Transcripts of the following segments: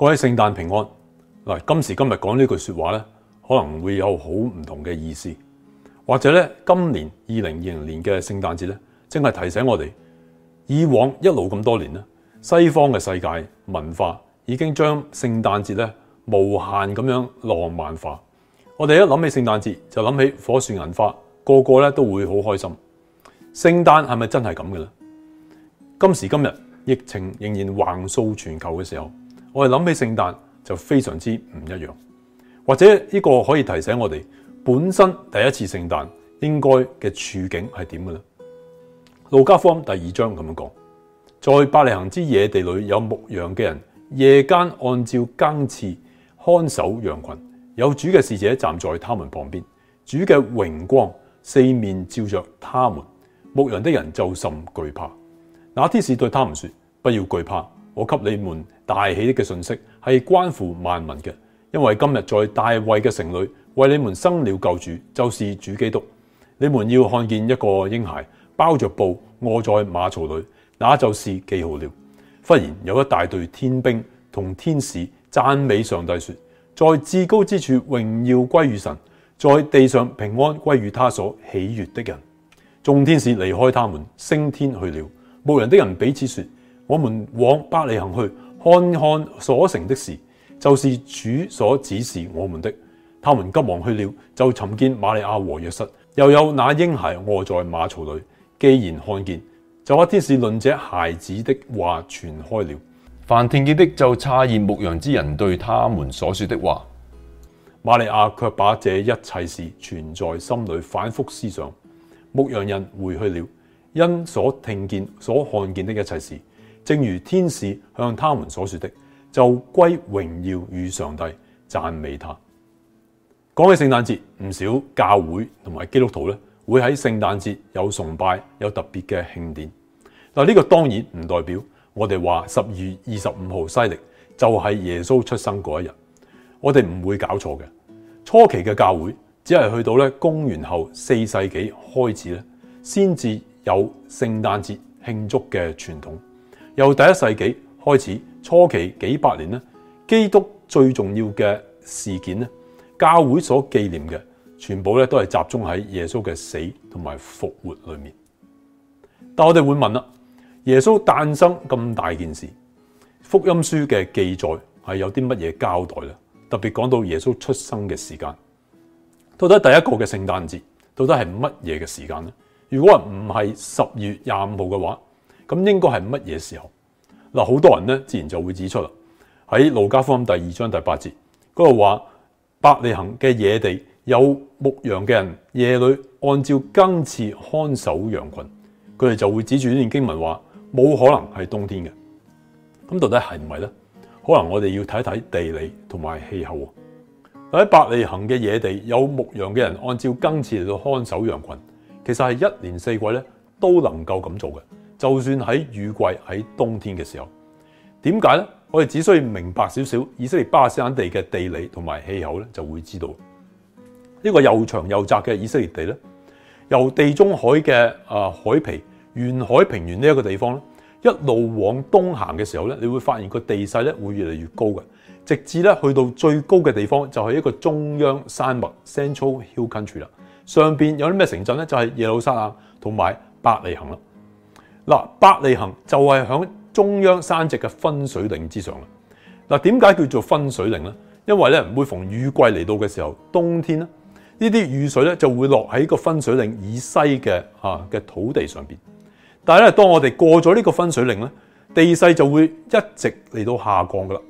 各位聖誕平安嗱，今時今日講呢句說話咧，可能會有好唔同嘅意思，或者咧今年二零二零年嘅聖誕節咧，正係提醒我哋，以往一路咁多年啦，西方嘅世界文化已經將聖誕節咧無限咁樣浪漫化。我哋一諗起聖誕節就諗起火樹銀花，個個咧都會好開心。聖誕係咪真係咁嘅咧？今時今日疫情仍然橫掃全球嘅時候。我哋諗起聖誕就非常之唔一樣，或者呢個可以提醒我哋本身第一次聖誕應該嘅處境係點嘅呢？路加福音第二章咁樣講，在伯利恒之野地裏有牧羊嘅人，夜間按照更次看守羊群，有主嘅使者站在他們旁邊，主嘅榮光四面照着他們，牧羊的人就甚懼怕。那天使對他們說：不要懼怕。我給你們大喜的嘅信息係關乎萬民嘅，因為今日在大衛嘅城裏為你們生了救主，就是主基督。你們要看見一個嬰孩包着布臥在馬槽裏，那就是記號了。忽然有一大隊天兵同天使讚美上帝，說：在至高之處榮耀歸於神，在地上平安歸於他所喜悅的人。眾天使離開他們升天去了，牧羊的人彼此說。我們往伯利恒去，看看所成的事，就是主所指示我們的。他們急忙去了，就尋見瑪利亞和約瑟。又有那嬰孩臥在馬槽裏。既然看見，就把天使論這孩子的話傳開了。凡聽見的就詫異牧羊之人對他們所說的話。瑪利亞卻把這一切事存在心裏，反覆思想。牧羊人回去了，因所聽見、所看見的一切事。正如天使向他們所說的，就歸榮耀與上帝，讚美他。講起聖誕節，唔少教會同埋基督徒咧，會喺聖誕節有崇拜，有特別嘅慶典。嗱，呢個當然唔代表我哋話十二月二十五號西曆就係耶穌出生嗰一日，我哋唔會搞錯嘅。初期嘅教會只係去到咧公元後四世紀開始咧，先至有聖誕節慶祝嘅傳統。由第一世紀開始，初期幾百年咧，基督最重要嘅事件咧，教會所紀念嘅，全部咧都係集中喺耶穌嘅死同埋復活裏面。但我哋會問啦，耶穌誕生咁大件事，福音書嘅記載係有啲乜嘢交代咧？特別講到耶穌出生嘅時間，到底第一個嘅聖誕節到底係乜嘢嘅時間咧？如果唔係十月廿五號嘅話？咁應該係乜嘢時候嗱？好多人咧，自然就會指出啦。喺《路加福音》第二章第八節，嗰度話：伯利恆嘅野地有牧羊嘅人，夜裏按照更次看守羊群。佢哋就會指住呢段經文話：冇可能係冬天嘅。咁到底係唔係咧？可能我哋要睇睇地理同埋氣候喎。喺伯利恆嘅野地有牧羊嘅人，按照更次嚟到看守羊群，其實係一年四季咧都能夠咁做嘅。就算喺雨季喺冬天嘅時候，點解咧？我哋只需要明白少少以色列巴勒斯坦地嘅地理同埋氣候咧，就會知道呢、這個又長又窄嘅以色列地咧，由地中海嘅啊海皮沿海平原呢一個地方咧，一路往東行嘅時候咧，你會發現個地勢咧會越嚟越高嘅，直至咧去到最高嘅地方就係一個中央山脈 Central Hill Country 啦。上面有啲咩城鎮咧？就係、是、耶路撒冷同埋伯利行啦。嗱，伯利恆就係喺中央山脊嘅分水嶺之上啦。嗱，點解叫做分水嶺咧？因為咧，每逢雨季嚟到嘅時候，冬天咧，呢啲雨水咧就會落喺個分水嶺以西嘅啊嘅土地上邊。但係咧，當我哋過咗呢個分水嶺咧，地勢就會一直嚟到下降噶啦，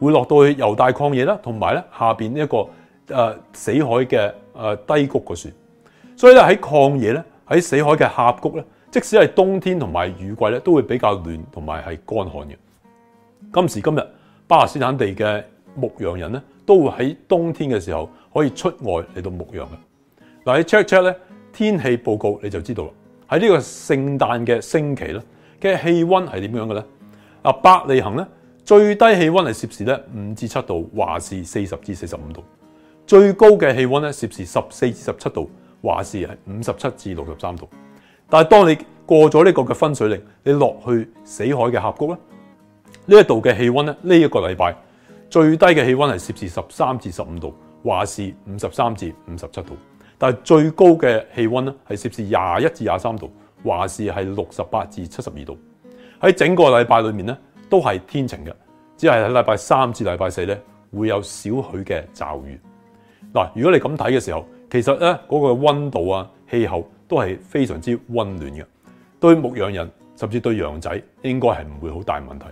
會落到去猶大曠野啦，同埋咧下邊呢一個誒死海嘅誒低谷個處。所以咧喺曠野咧，喺死海嘅峽谷咧。即使係冬天同埋雨季咧，都會比較暖同埋係乾旱嘅。今時今日巴勒斯坦地嘅牧羊人咧，都會喺冬天嘅時候可以出外嚟到牧羊嘅嗱。你 check check 咧天氣報告你就知道啦。喺呢個聖誕嘅星期咧嘅氣温係點樣嘅咧？啊，伯利恆咧最低氣温係攝氏咧五至七度，華氏四十至四十五度，最高嘅氣温咧攝氏十四至十七度，華氏係五十七至六十三度。華氏但係當你過咗呢個嘅分水嶺，你落去死海嘅峽谷咧，呢一度嘅氣温咧，呢一個禮拜最低嘅氣温係攝氏十三至十五度，華氏五十三至五十七度。但係最高嘅氣温咧係攝氏廿一至廿三度，華氏係六十八至七十二度。喺整個禮拜裏面咧都係天晴嘅，只係喺禮拜三至禮拜四咧會有少許嘅驟雨。嗱，如果你咁睇嘅時候，其實咧嗰個温度啊氣候，都係非常之溫暖嘅，對牧羊人甚至對羊仔應該係唔會好大問題。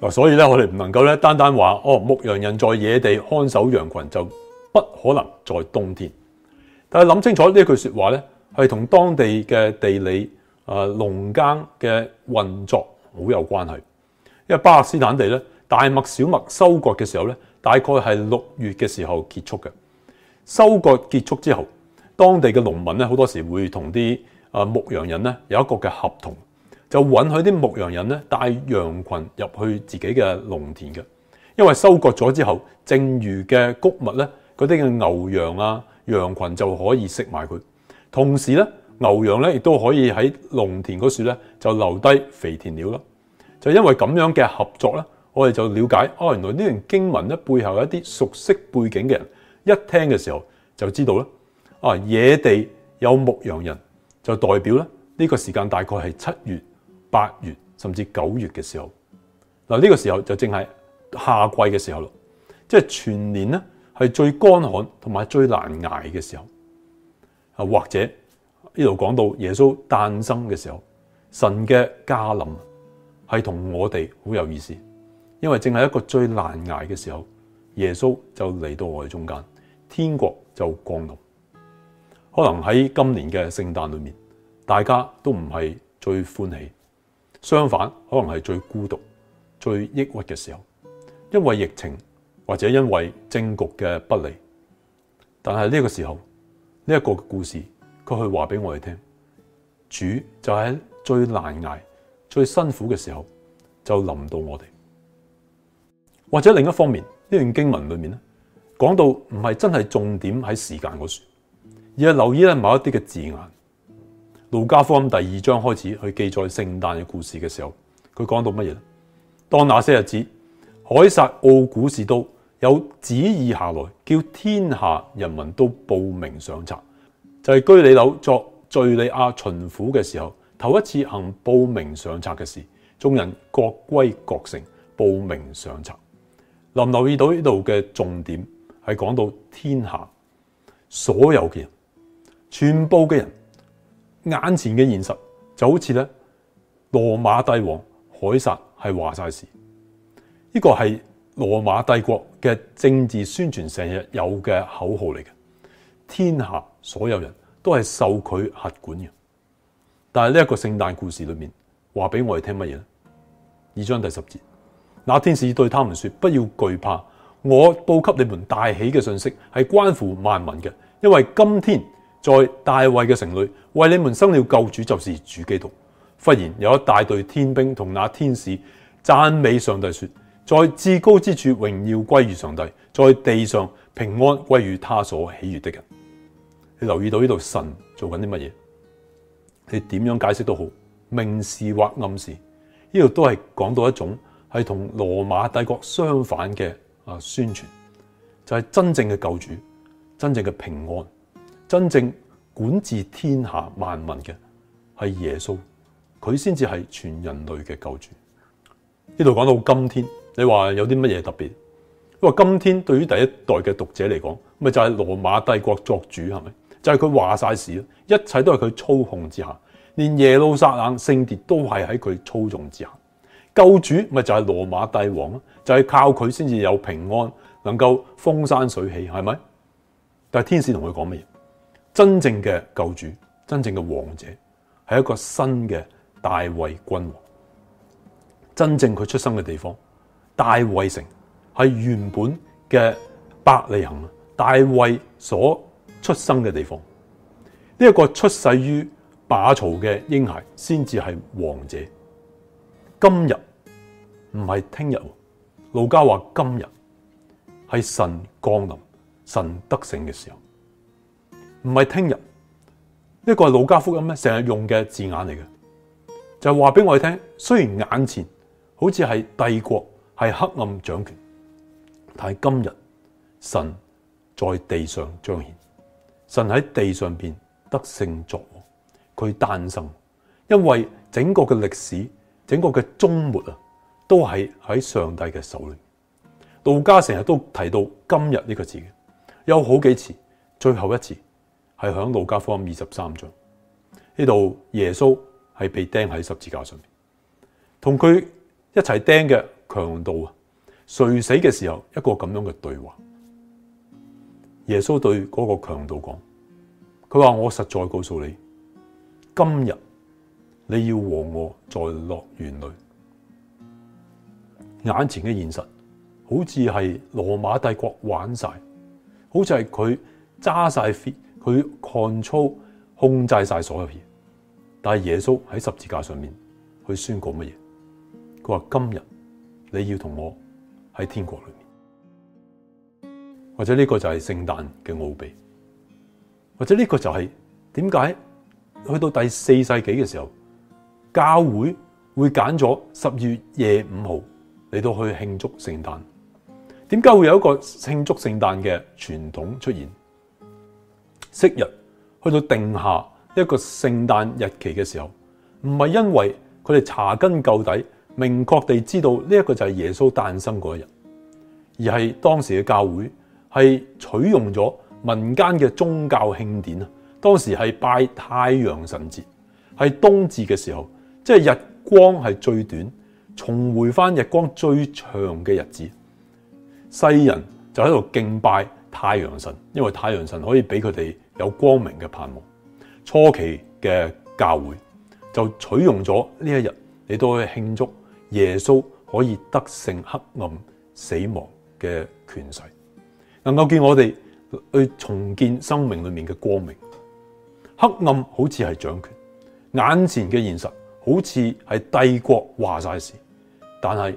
嗱，所以咧，我哋唔能夠咧，單單話哦，牧羊人在野地看守羊群就不可能在冬天。但係諗清楚呢句說話咧，係同當地嘅地理誒，農耕嘅運作好有關係。因為巴勒斯坦地咧，大麥、小麥收割嘅時候咧，大概係六月嘅時候結束嘅。收割結束之後，當地嘅農民咧，好多時會同啲啊牧羊人咧有一個嘅合同，就允許啲牧羊人咧帶羊群入去自己嘅農田嘅。因為收割咗之後，剩餘嘅穀物咧，嗰啲嘅牛羊啊羊群就可以食埋佢。同時咧，牛羊咧亦都可以喺農田嗰處咧就留低肥田料咯。就因為咁樣嘅合作咧，我哋就了解啊，原來呢段經文咧背後有一啲熟悉背景嘅人，一聽嘅時候就知道啦。啊，野地有牧羊人，就代表咧呢個時間大概係七月、八月甚至九月嘅時候。嗱，呢個時候就正係夏季嘅時候咯，即係全年咧係最乾旱同埋最難捱嘅時候。啊，或者呢度講到耶穌誕生嘅時候，神嘅加臨。係同我哋好有意思，因為正係一個最難捱嘅時候，耶穌就嚟到我哋中間，天國就降臨。可能喺今年嘅聖誕裏面，大家都唔係最歡喜，相反可能係最孤獨、最抑鬱嘅時候，因為疫情或者因為政局嘅不利。但係呢個時候，呢、這、一個故事佢去話俾我哋聽，主就喺最難捱最辛苦嘅時候就臨到我哋。或者另一方面呢段經文裏面咧，講到唔係真係重點喺時間嗰處，而係留意咧某一啲嘅字眼。路加福音第二章開始去記載聖誕嘅故事嘅時候，佢講到乜嘢？當那些日子，凱撒奧古士都有旨意下來，叫天下人民都報名上冊，就係、是、居里樓作敘利亞巡撫嘅時候。頭一次行報名上冊嘅事，眾人各歸各城報名上冊。留唔留意到呢度嘅重點係講到天下所有嘅人，全部嘅人眼前嘅現實就好似咧羅馬帝王凱撒係話晒事。呢、呢個係羅馬帝國嘅政治宣傳成日有嘅口號嚟嘅，天下所有人都係受佢轄管嘅。但係呢一個聖誕故事裏面，話俾我哋聽乜嘢呢？二章第十節，那天使對他們說：不要懼怕，我報給你們大喜嘅信息，係關乎萬民嘅，因為今天在大衛嘅城裏，為你們生了救主，就是主基督。忽然有一大隊天兵同那天使讚美上帝，說：在至高之處榮耀歸於上帝，在地上平安歸於他所喜悦的人。你留意到呢度神做緊啲乜嘢？你點樣解釋都好，明示或暗示，呢度都係講到一種係同羅馬帝國相反嘅啊宣傳，就係、是、真正嘅救主，真正嘅平安，真正管治天下萬民嘅係耶穌，佢先至係全人類嘅救主。呢度講到今天，你話有啲乜嘢特別？話今天對於第一代嘅讀者嚟講，咪就係、是、羅馬帝國作主係咪？就係佢話晒事，一切都係佢操控之下，連耶路撒冷聖殿都係喺佢操縱之下。救主咪就係羅馬帝王咯，就係、是、靠佢先至有平安，能夠風生水起，係咪？但係天使同佢講乜嘢？真正嘅救主，真正嘅王者，係一個新嘅大衛君王。真正佢出生嘅地方，大衛城係原本嘅伯利恆。大衛所出生嘅地方，呢、這、一個出世於馬槽嘅嬰孩先至係王者。今日唔係聽日，路加話今日係神降臨、神得勝嘅時候，唔係聽日。呢、這個係《路加福音》咧成日用嘅字眼嚟嘅，就話、是、俾我哋聽。雖然眼前好似係帝國係黑暗掌權，但係今日神在地上彰顯。神喺地上邊得勝作我，佢誕生，因為整個嘅歷史、整個嘅終末啊，都係喺上帝嘅手裏。路加成日都提到今日呢個字嘅，有好幾次，最後一次係響路加福音二十三章呢度，這裏耶穌係被釘喺十字架上，同佢一齊釘嘅強盜啊，垂死嘅時候一個咁樣嘅對話。耶穌對嗰個強盜講，佢話，我實在告訴你，今日你，你要和我在樂園裏。眼前嘅現實好似係羅馬帝國玩晒，好似係佢揸晒 fit，佢 control 控制晒所有嘢。但係耶穌喺十字架上面去宣告乜嘢？佢話：今日你要同我喺天國裏。或者呢個就係聖誕嘅奧秘，或者呢個就係點解去到第四世紀嘅時候，教會會揀咗十月廿五號嚟到去慶祝聖誕。點解會有一個慶祝聖誕嘅傳統出現？昔日去到定下一個聖誕日期嘅時候，唔係因為佢哋查根究底明確地知道呢一個就係耶穌誕生嗰一日，而係當時嘅教會。係取用咗民間嘅宗教慶典啊！當時係拜太陽神節，係冬至嘅時候，即係日光係最短，重回返日光最長嘅日子。世人就喺度敬拜太陽神，因為太陽神可以俾佢哋有光明嘅盼望。初期嘅教會就取用咗呢一日，你都可以慶祝耶穌可以得勝黑暗死亡嘅權勢。能夠見我哋去重建生命裏面嘅光明，黑暗好似係掌權，眼前嘅現實好似係帝國話晒事，但係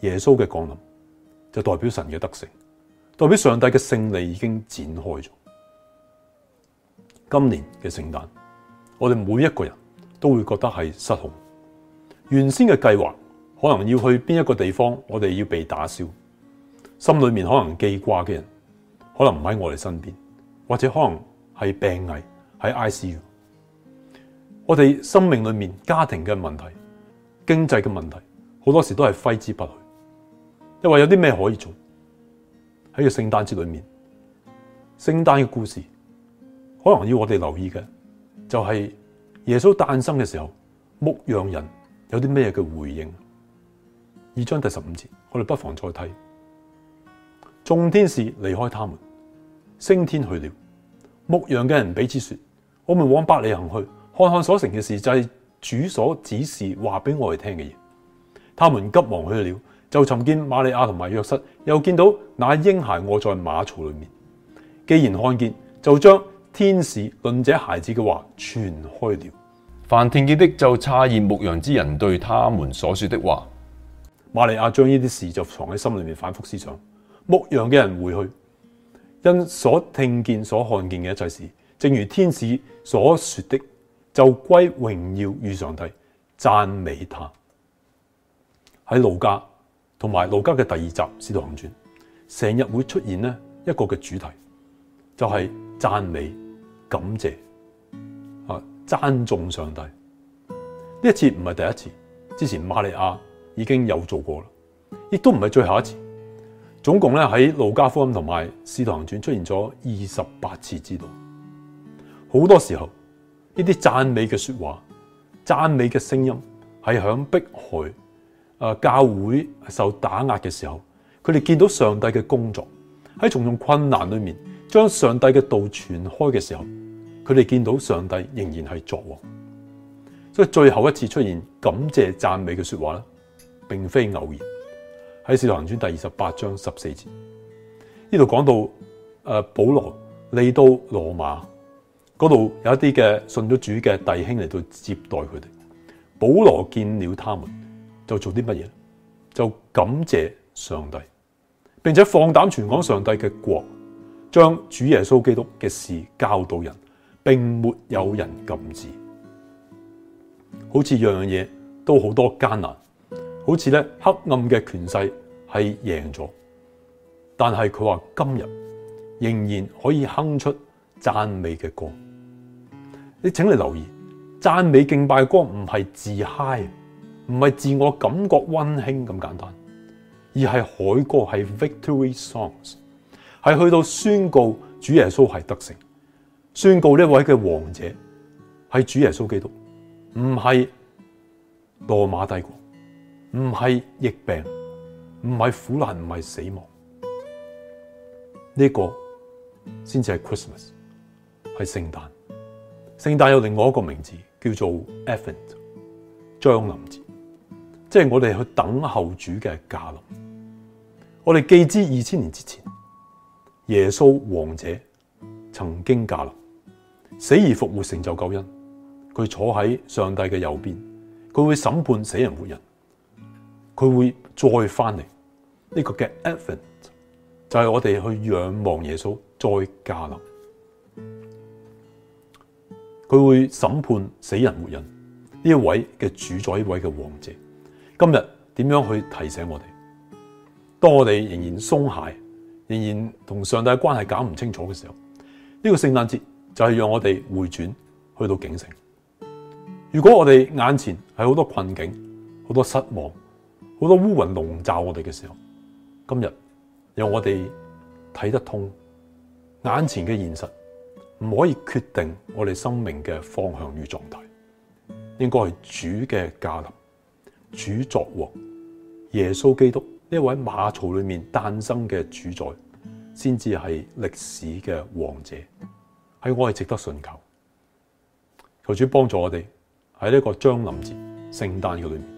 耶穌嘅降臨就代表神嘅得勝，代表上帝嘅勝利已經展開咗。今年嘅聖誕，我哋每一個人都會覺得係失控，原先嘅計劃可能要去邊一個地方，我哋要被打消。心裏面可能記掛嘅人，可能唔喺我哋身邊，或者可能係病危喺 ICU。我哋生命裏面家庭嘅問題、經濟嘅問題，好多時都係揮之不去。因為有啲咩可以做喺個聖誕節裏面？聖誕嘅故事可能要我哋留意嘅，就係耶穌誕生嘅時候，牧羊人有啲咩嘅回應？二章第十五節，我哋不妨再睇。眾天使離開他們，升天去了。牧羊嘅人彼此說：我們往百里行去，看看所成嘅事，就係主所指示我話俾我哋聽嘅嘢。他們急忙去了，就尋見瑪利亞同埋約瑟，又見到那嬰孩臥在馬槽裏面。既然看見，就將天使論這孩子嘅話傳開了。凡聽見的就詫異牧羊之人對他們所說的話。瑪利亞將呢啲事就藏喺心裏面，反覆思想。牧羊嘅人回去，因所聽見、所看見嘅一切事，正如天使所說的，就歸榮耀於上帝，讚美他。喺路加同埋路加嘅第二集《使徒行傳》，成日會出現呢一個嘅主題，就係、是、讚美、感謝啊，讚頌上帝。呢一次唔係第一次，之前馬利亞已經有做過啦，亦都唔係最後一次。總共咧喺《路加福音》同埋《使徒行傳》出現咗二十八次之多。好多時候呢啲讚美嘅說話、讚美嘅聲音在迫，係響逼害誒教會受打壓嘅時候，佢哋見到上帝嘅工作喺重重困難裏面，將上帝嘅道傳開嘅時候，佢哋見到上帝仍然係作王。所以最後一次出現感謝讚美嘅說話咧，並非偶然。喺使徒行傳第二十八章十四節，呢度講到誒，保羅嚟到羅馬嗰度有一啲嘅信咗主嘅弟兄嚟到接待佢哋。保羅見了他們，就做啲乜嘢？就感謝上帝，並且放膽傳講上帝嘅國，將主耶穌基督嘅事教導人，並沒有人禁止。好似樣樣嘢都好多艱難。好似咧，黑暗嘅權勢係贏咗，但係佢話今日仍然可以哼出讚美嘅歌。你請你留意，讚美敬拜嘅歌唔係自嗨，唔係自我感覺溫馨咁簡單，而係凱歌，係 Victory Songs，係去到宣告主耶穌係得勝，宣告呢位嘅王者係主耶穌基督，唔係羅馬帝國。唔係疫病，唔係苦難，唔係死亡，呢、這個先至係 Christmas，係聖誕。聖誕有另外一個名字叫做 Advent，降臨節，即係我哋去等候主嘅駕臨。我哋既知二千年之前耶穌王者曾經駕臨，死而復活，成就救恩。佢坐喺上帝嘅右邊，佢會審判死人活人。佢會再翻嚟呢個嘅 Advent 就係我哋去仰望耶穌再駕臨。佢會審判死人活人呢一位嘅主宰，呢位嘅王者。今日點樣去提醒我哋？當我哋仍然鬆懈，仍然同上帝關係搞唔清楚嘅時候，呢、這個聖誕節就係讓我哋回轉去到警醒。如果我哋眼前係好多困境，好多失望。好多烏雲籠罩我哋嘅時候，今日由我哋睇得通眼前嘅現實，唔可以決定我哋生命嘅方向與狀態，應該係主嘅駕臨，主作王，耶穌基督呢位馬槽裏面誕生嘅主宰，先至係歷史嘅王者，喺我哋值得信求，求主幫助我哋喺呢個將臨節聖誕嘅裏面。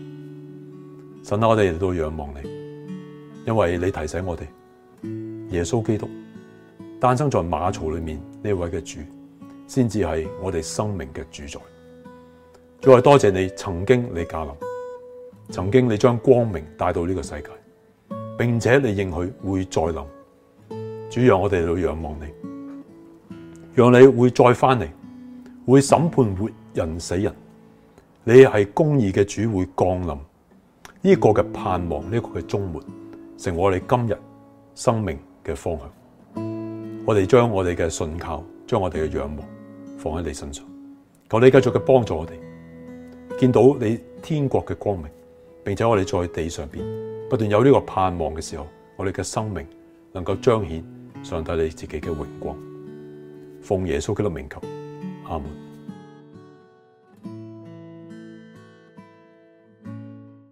神啊，我哋亦都仰望你，因為你提醒我哋，耶穌基督誕生在馬槽裏面呢位嘅主，先至係我哋生命嘅主宰。再多謝你，曾經你降臨，曾經你將光明帶到呢個世界，並且你應許會再臨。主讓我哋都仰望你，讓你會再翻嚟，會審判活人死人。你係公義嘅主，會降臨。呢個嘅盼望，呢個嘅終末，成為我哋今日生命嘅方向。我哋將我哋嘅信靠，將我哋嘅仰望放喺你身上。求你繼續嘅幫助我哋，見到你天國嘅光明，並且我哋在地上邊不斷有呢個盼望嘅時候，我哋嘅生命能夠彰顯上帝你自己嘅榮光。奉耶穌基督名求，阿門。